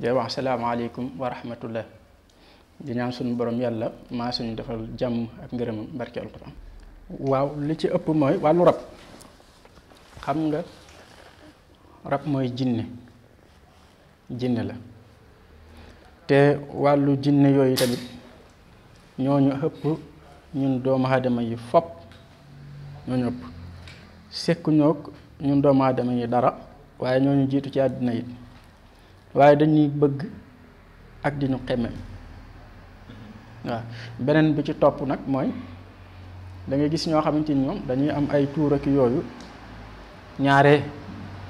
day wax salaamaaleykum wa rahmatullah di ñaan suñu borom yàlla maa suñu defal jàmm ak ngërëmam barke alquran waaw li ci ëpp mooy wàllu rab xam nga rab mooy jinne jinne la te wàllu jinne yooyu tamit ñooñu ëpp ñun doomu aadama yi fopp ñooñu ëpp sekk ñoog ñun doomu aadama yi dara waaye ñooñu jiitu ci àddina yi waaye dañuy bëgg ak di ñu xemmem waaw beneen bi ci topp nag mooy dangay gis ñoo xamante ni ñoom dañuy am ay tuur ak yooyu ñaare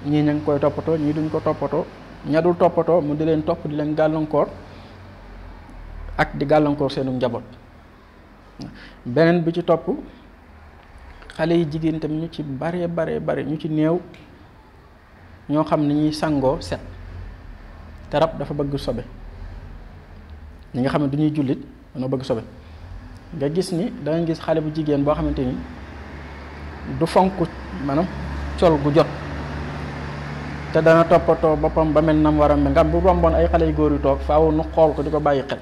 ñii ñu ngi koy toppatoo ñii duñ ko toppatoo ña dul toppatoo mu di leen topp di leen gàllankoor ak di gàllankoor seenu njaboot beneen bi ci topp xale yi jigéen tamit ñu ci bare bare bare ñu ci néew ñoo xam ni ñuy sangoo set te rab dafa bëgg sobe ñi nga xam ne du ñuy jullit dañoo bëgg sobe nga gis ni da gis xale bu jigéen boo xamante ni du fonk maanaam col gu jot te dana toppatoo boppam ba mel nam war a mel nga bu romboon ay xale yu góor yu toog faaw nu xool ko di ko bàyyi xel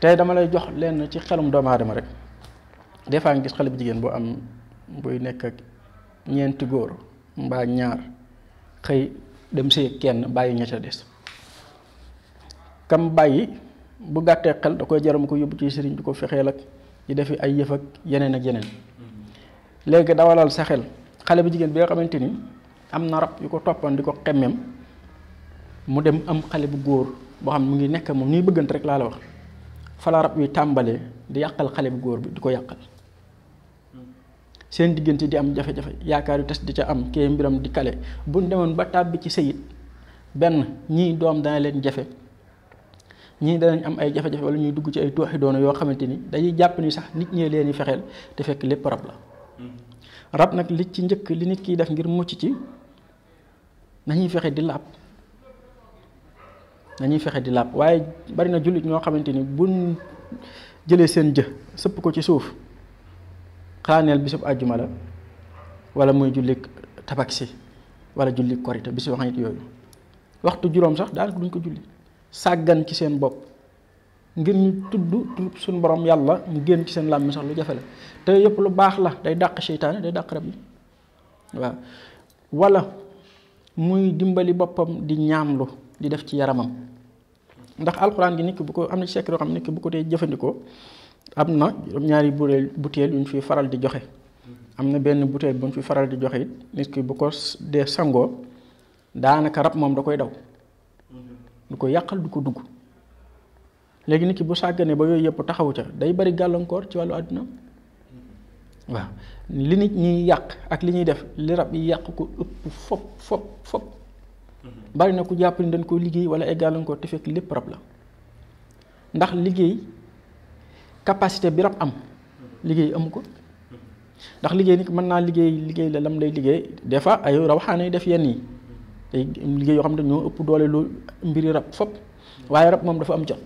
te dama lay jox lenn ci xelum doomu aadama rek des fois gis xale bu jigéen bu am buy nekk ak ñeenti góor mbaa ñaar xëy dem sëy kenn bàyyi ña ca des kam bàyyi bu gàttee xel da koy jaram ko yóbbu ci sëriñ di ko fexeel ak di defi ay yëf ak yeneen ak yeneen léegi dawalal sa xel xale bi jigéen bi nga xamante ni am na rab yu ko toppoon di ko xemmem mu dem am xale bu góor boo xam mu ngi nekk moom ñuy bëggante rek laa la wax fa la yu tàmbalee di yàqal xale bu góor bi di ko yàqal seen diggante di am jafe-jafe yaakaar yu tas di ca am kee mbiram di kale bu demoon ba tàbbi ci sëyit benn ñii doom dana leen jafe ñii danañ am ay jafe-jafe wala ñuy dugg ci ay tooxi doona yoo xamante ni dañuy jàpp ni sax nit ñee leen fexeel te fekk lépp rab la rab nag li ci njëkk li nit kiy def ngir mucc ci nañuy fexe di laab nañuy fexe di laab waaye bari na jullit ñoo xamante ni buñ jëlee seen jë sëpp ko ci suuf xaaneel bisub àjjuma la wala muy jullik tabaksi wala julli korite bi si wax yooyu waxtu juróom sax daanaka duñ ko julli sàggan ci seen bopp ngir ñu tudd tudd suñu borom yàlla mu génn ci seen làmmi sax lu jafe la te yépp lu baax la day dàq seytaane day dàq rab yi waaw wala muy dimbali boppam di ñaamlu di def ci yaramam ndax alxuraan gi nit ki bu ko am na ci sekk yoo xam nit bu ko dee jëfandikoo am na juróom-ñaari butéel butéel yu ñu fi faral di joxe am na benn butéel bu ñu fi faral di joxe it nit ki bu ko dee sangoo daanaka rab moom da koy daw du ko yàqal du ko dugg léegi nit ki bu sàgganee ba yooyu yëpp taxawu ca day bari gàllankoor ci wàllu àdduna waaw li nit ñiy yàq ak li ñuy def li rab yi yàq ko ëpp fop fop bari na ku jàpp ni dañ koy liggéey wala ay gàllankoor te fekk lépp rab la ndax liggéey capacité bi rab am liggéey amu ko ndax liggéey ni mën naa liggéey liggéey la lam lay liggéey des fois ay rawaxaana yu def yenn yi day liggéey yoo xam ne ñoo ëpp doole lu mbiri rab fop waaye rab moom dafa am jot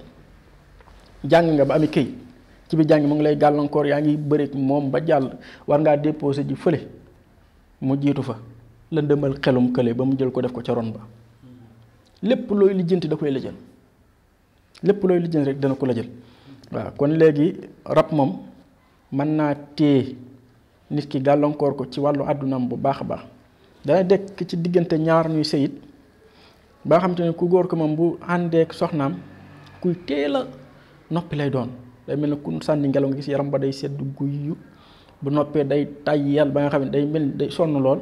jàng nga ba ami këy ci bi jàng mu ngi lay gàllankoor yaa ngi bëreek moom ba jàll war ngaa dépose ji fële mu jiitu fa la ndëmal xelum kële ba mu jël ko def ko ca ron ba lépp looy lijjanti da koy la jël lépp looy lijjanti rek dana ko la jël waaw kon léegi rab moom mën naa téye nit ki gàllankoor ko ci wàllu àddunaam bu baax a baax dana dekk ci diggante ñaar ñuy sëyit ba xam te ne ku góor ko moom bu àndeek soxnaam kuy teel a noppi lay doon day mel ne ku sànni ngelaw nga gis yaram ba day sedd guyu bu noppee day tayyal ba nga xam ne day mel day sonn lool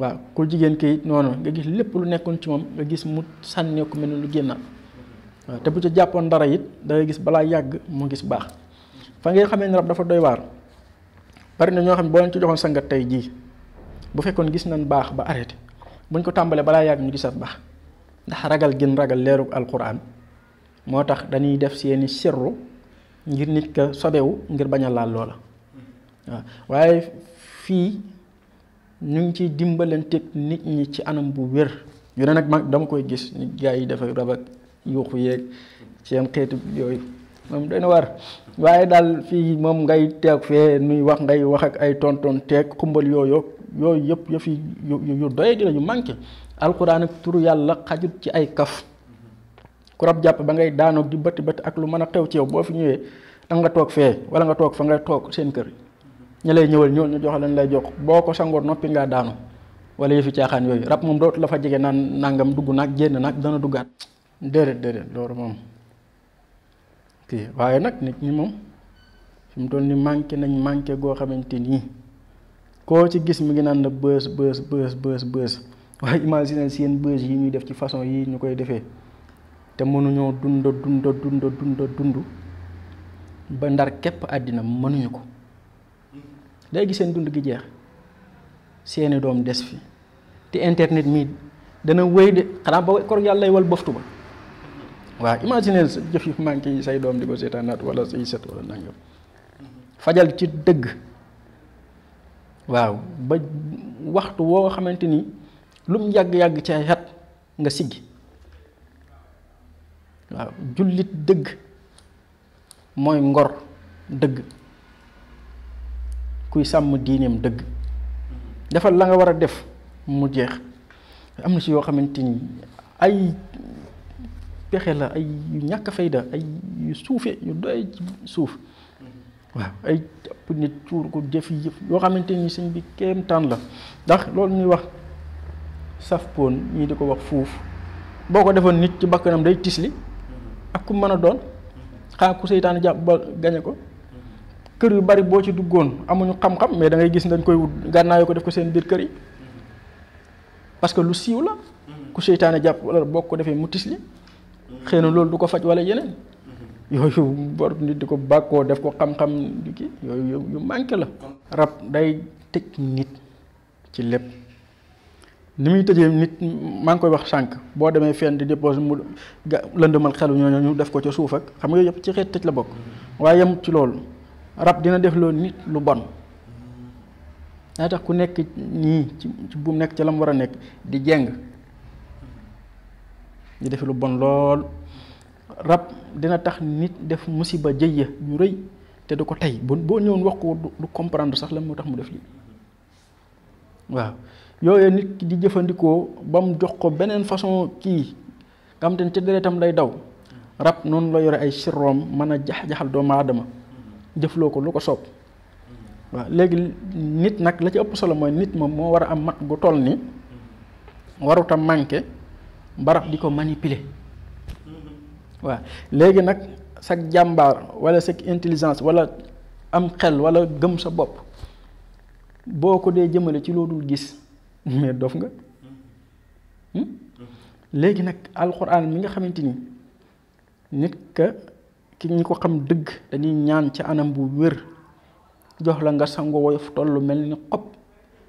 waaw ku jigéen kayit noonu nga gis lépp lu nekkoon ci moom nga gis mu sànneeku mel ne lu génnaat waaw te bu ca jàppoon dara it da gis balaa yàgg mu gis baax fa ngay xamee ne rab dafa doy waar bari na ñoo xam ne boo leen ci joxoon sangat tey jii bu fekkoon gis nañ baax ba arrêté buñ ko tàmbalee balaa yàgg ñu gisaat baax ndax ragal gën ragal leeru alquran moo tax dañuy def seeni sirru ngir nit ka sobewu ngir bañ a laal loola waaw waaye fii ñu ngi ciy dimbalanteeg nit ñi ci anam bu wér yu ne nag ma dama koy gis nit gaa yi dafay rab ak yuuxu yeeg seen xeetu yooyu moom dana war waaye daal fii moom ngay teeg fee nuy wax ngay wax ak ay tonton teeg xumbal yooyu yooyu yëpp yëf yi yu doye di la yu manqué alxuraan ak turu yàlla xajut ci ay kaf ku jàpp ba ngay daanoog di bëtt bëtt ak lu mën a xew ci yow boo fi ñëwee danga nga toog fee wala nga toog fa nga toog seen kër ñu lay ñëwal ñëw ñu jox lañ lay jox boo ko sangoor noppi ngaa daanu wala yëfi caaxaan yooyu rab moom dootu la jege naan nangam dugg naag génn naag dana duggaat déedéet déedéet loolu moom kii waaye nag nit ñi moom fi mu toll ni manqué nañ manqué goo xamante nii koo ci gis mu ngi naan na bës bës bës bës waaye imagine seen bës yi ñuy def ci façon yi ñu koy defee te mënuñoo dunda dunda dunda dunda dund ba ndar képp àddina mënuñu ko léegi seen dund gi jeex seeni doom des fi te internet mii dana wéy de xanaa ba kor yàlla lay wal boftu ba waaw imaginer sa jëf yu manqué yi say doom di ko seetaanaat wala say set wala nangam fajal ci dëgg waaw ba waxtu woo xamante ni lum yàgg-yàgg ci ay xat nga siggi waaw jullit dëgg mooy ngor dëgg kuy sàmm diineem dëgg defal la nga war a def mu jeex am na si yoo xamante ay pexe la ay yu ñàkk a fayda ay yu suufe yu doy suuf waaw ay jàpp nit tuur ko jëf yoo xamante ni sëñ bi kéem taan la ndax loolu ñuy wax saf poon ñii di ko wax fuuf boo ko defoon nit ci bakkanam day tisli ak ku mën a doon xaa ku seytaan jàpp ba gañe yu bari boo ci duggoon amuñu xam-xam mais dangay gis dañ koy wut gànnaayoo ko def ko seen biir kër yi parce que lu siiw la ku seytaane jàpp wala boo ko defee mu tisli xëy na loolu du ko faj wala yeneen yooyu bor nit di ko bàkkoo def ko xam-xam di kii yooyu yu manqué la rab day tëj nit ci lépp ni muy tëjee nit maa ngi koy wax sànq boo demee fenn di déposé mu lëndëmal xelu ñooñu ñu def ko ca suufak ak xam yooyu yëpp ci xeet tëj la bokk waaye yem ci loolu rab dina def loolu nit lu bon daa tax ku nekk nii ci bu mu nekk ci la mu war a nekk di jeng di def lu bon lool rab dina tax nit def musiba jëyya ñu rëy te du ko tey boo boo ñëwoon wax ko du comprendre sax lan moo tax mu def lii waa yooyu nit ki di jëfandikoo ba mu jox ko beneen façon kii nga xam te ne ca deretam lay daw rab noonu la yore ay sirroom mën a jax jaxal doomu aadama jëfloo ko lu ko soob waaw léegi nit nag la ci ëpp solo mooy nit moom moo war a am mat gu toll ni waruta manqué barab di ko manipuler waaw léegi nag sa jàmbar wala sa intelligence wala am xel wala gëm sa bopp boo ko dee jëmale ci loo gis mais dof nga hmm? léegi nag alxuraan mi nga xamante ni nit ka ki ñu ko xam dëgg dañuy ñaan ci anam bu wér jox la nga sango woyof tollu mel ni xob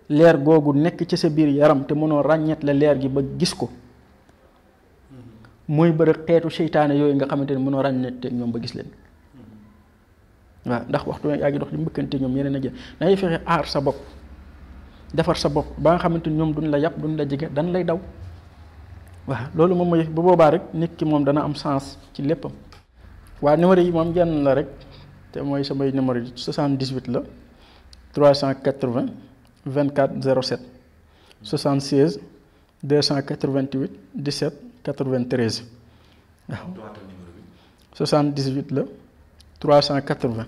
leer googu nekk ci sa biir yaram te mënoo ràññeet la leer gi ba gis ko mooy bëri xeetu seytaane yooyu nga xamante ni ne mënoo ràññeeteeg ñoom ba gis leen waaw ndax waxtu yaa ngi dox di mbëkkante ñoom yeneen a jël da ngay fexe aar sa bopp defar sa bopp ba nga xamante ni ñoom duñ la yàpp duñ la jege dañ lay daw waaw loolu moom mooy bu boobaa rek nit ki moom dana am sens ci léppam. waa numéro yi moom genn la rek te mooy samay numéro yi 78 la cent 380 24 07 76 288 17. 93 waaw 78 la 380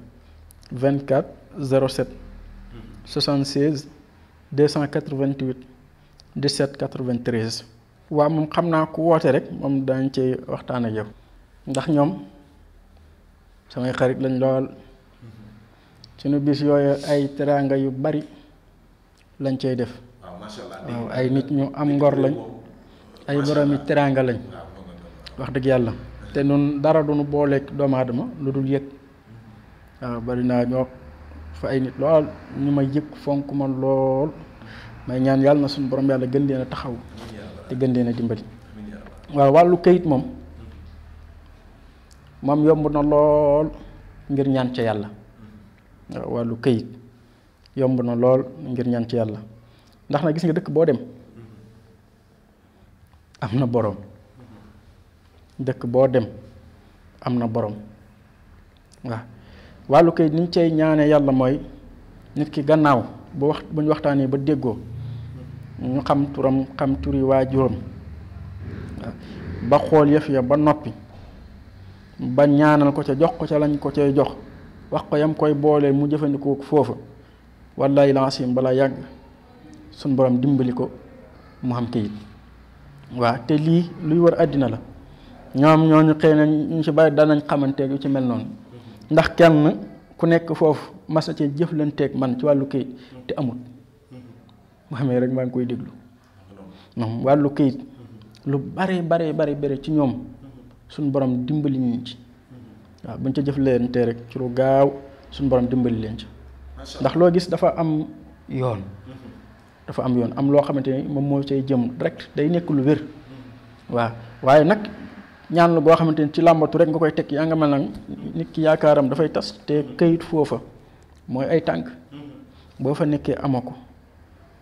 24 07 76 288 17 93. waaw moom xam naa ku woote rek moom daañu ci waxtaan ak yow. ndax ñoom samay xarit lañ lool mm-hmm. suñu bis yooyu ay teraanga yu bari lañ cay def. waaw ay nit ñu am ngor lañ. ay boroomi teraanga lañ wax dëgg yàlla te nun dara duñu booleeg doomu aadama lu dul yëg waaw bari naa ñoo fa ay nit lool ñu ma yëg fonk ma lool may ñaan yàlla na suñu borom yàlla gën leen a taxaw te gën leen a dimbali waaw wàllu kayit moom moom yomb na lool ngir ñaan ca yàlla waaw wàllu kayit yomb na lool ngir ñaan ci yàlla ndax na gis nga dëkk boo dem am na boroom dëkk boo dem am na boroom waaw wàllu kay niñ cay ñaane yàlla mooy nit ki gannaaw bu wax bu ñu waxtaanee ba déggoo ñu xam turam xam turi waajuram ba xool yëf ya ba noppi ba ñaanal ko ca jox ko ca lañ ko cay jox wax ko yam koy boole mu jëfandikoo foofa wallaay laasim balaa yàgg suñu borom dimbali ko mu xam kayit waaw te lii luy war àddina la ñoom ñooñu xëy na ñu ci bari danañ xamanteeg yu ci mel noonu ndax kenn ku nekk foofu masa cee jëflanteeg man ci wàllu kayit te amul mu xamee rek maa ngi koy déglu moom wàllu kayit lu bare bare bare bare ci ñoom suñu borom dimbali ñu ci waaw buñ ca jëflantee rekk ci lu gaaw suñu borom dimbali leen ci ndax loo gis dafa am yoon dafa am yoon am loo xamante ni moom moo say jëm direct day nekk lu wér waa waaye nag ñaan la goo xamante ni ci làmbatu rek nga koy teg yaa nga mel nag nit ki yaakaaram dafay tas te këyit foofa mooy ay tànk boo fa nekkee amoo ko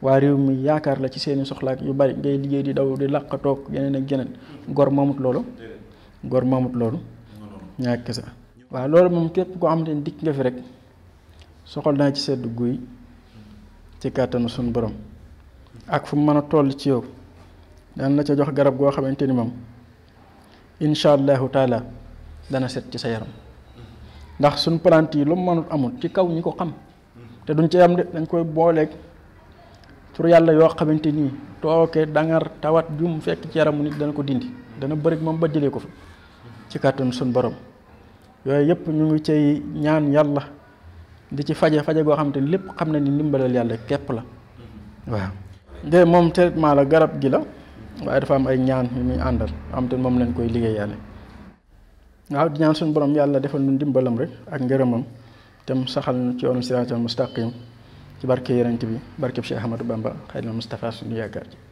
waa réew mi yaakaar la ci seeni soxlaak yu bari ngay liggéey di daw di làq toog yeneen ak yeneen gor moomut loolu gor moomut loolu ñaar kese waaw loolu moom képp koo xamante ni dikk nga fi rek soxal naa ci sedd guy ci kàttanu suñu borom ak fu mu mën a toll ci yow dana la ca jox garab goo xamante ni moom incha allahu taala dana set ci sa yaram ndax suñ plante yi lu mu amul ci kaw ñi ko xam te duñ ci am de dañ koy booleek pour yàlla yoo xamante ni tooke dangar tawat jum fekk ci yaramu nit dana ko dindi dana bëri moom ba jëlee ko fa ci kàttan suñ borom yooyu yëpp ñu ngi cay ñaan yàlla di ci faje faje goo xamante ni lépp xam na ni ndimbalal yàlla képp la waaw de moom te traitement la garab gi la waaye dafa am ay ñaan yu muy àndal am te moom lañ koy liggéeyaale waaw ñaan suñu borom yàlla defal nu ndimbalam rek ak ngërëmam te mu saxal nu ci yoonu siraatal mustaqim ci barke yonent bi barkeb Cheikh Ahmadou Bamba xëy na Moustapha suñu yaakaar ji